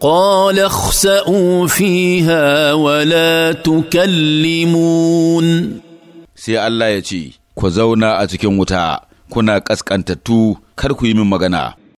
قال اخسأوا فيها ولا تكلمون sai Allah ya ce, Ku zauna a cikin wuta, kuna ƙasƙantattu, kar ku yi min magana.